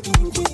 Thank you.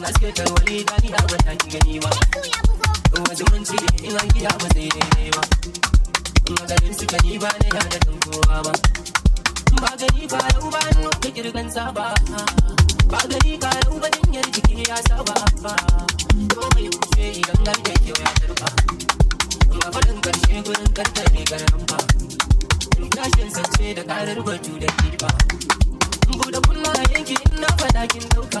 Naske ta wali da ni da ban ki gani ba Wajen mun ci in an gida ba zai daidai ba Maganin suka ni ba na yada kan kowa ba Ba gani ba yau ba nu ta kirgan saba Ba gani ka yau ba jinyar jiki ya saba Ko mai kushe idan gar da kyau ya tarba Ga faɗin ƙarshe gurin kantar ne garan ba Tashin zance da ƙarar batu da kirba Buɗe kunna yanki ina faɗa kin ɗauka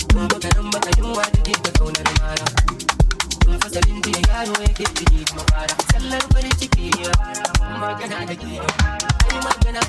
I'm gonna take da I'm gonna da yaro I'm gonna sallar farin I'm gonna ai magana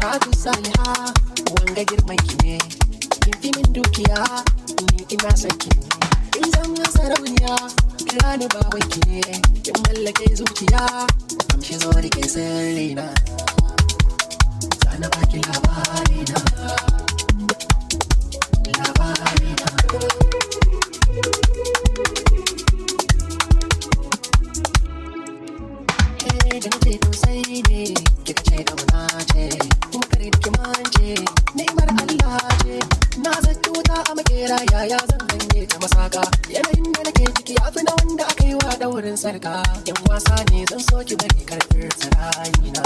karatu saliha wanga girman ki ne kin dukiya ni ina saki in zama sarauniya kira ni baban ki ne kin mallake zuciya amshi zo rike sirri na sana baki labari na labari na farka yan wasa ne zan so ki bari karfin tsirani na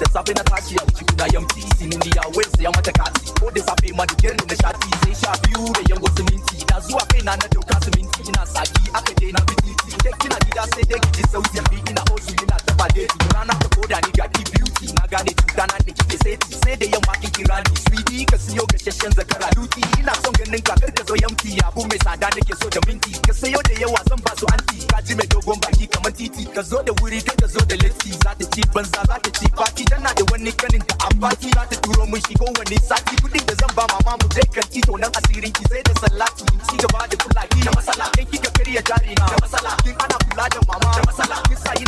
da safe na tashi a jiki na yamci sinindiya wai saya mata kati ko da safe ma da gerin da shati sai sha biyu da yango siminti na zuwa kai na na dauka siminti ina saki aka je na bi titi da kina gida sai dai kiji sauti bi ina ozu ina taba deti rana ta koda ni ga beauty na gane cuta na da kike sai sai da yamma kiki rani sweetie ka siyo gashashen zakara duki ina son ganin kakar da so yamki abu mai tsada nake so da minti ka sayo da yawa zan ba su anti ka ji mai dogon baki kamar titi ka zo da wuri kai ka zo da latti za ta ci banza za ta ci fati tana da wani kanin da abaki za ta turo mun shi kowane sati kudin da zan ba mama mu je kan tito nan asirin ki sai da salati ci gaba da kulaki da masala kai kika karya jari na da masala kin ana kula da mama da masala kin sa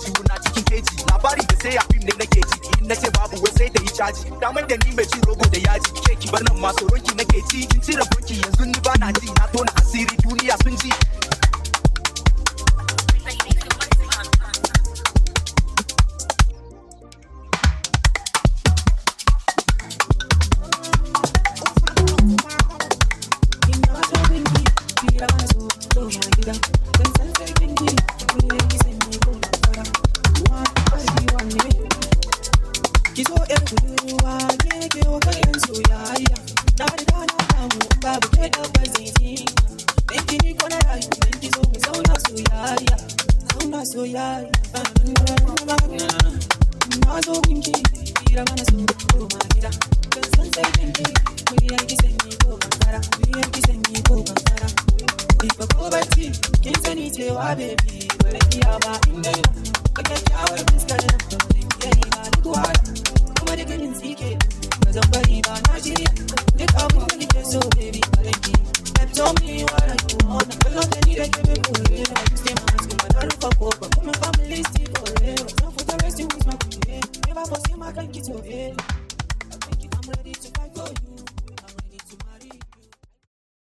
She will not chicken keji Labari they say abim ne na keji In na ce babu wai sai da yi caji Damar da ni mai cin rogo da yaji Keki bar nan ma tsoron ki na keji Kin ci rabon yeah, yeah. Naona so yeah, yeah. I kinki, not mana so ko mahira. Kansan baby,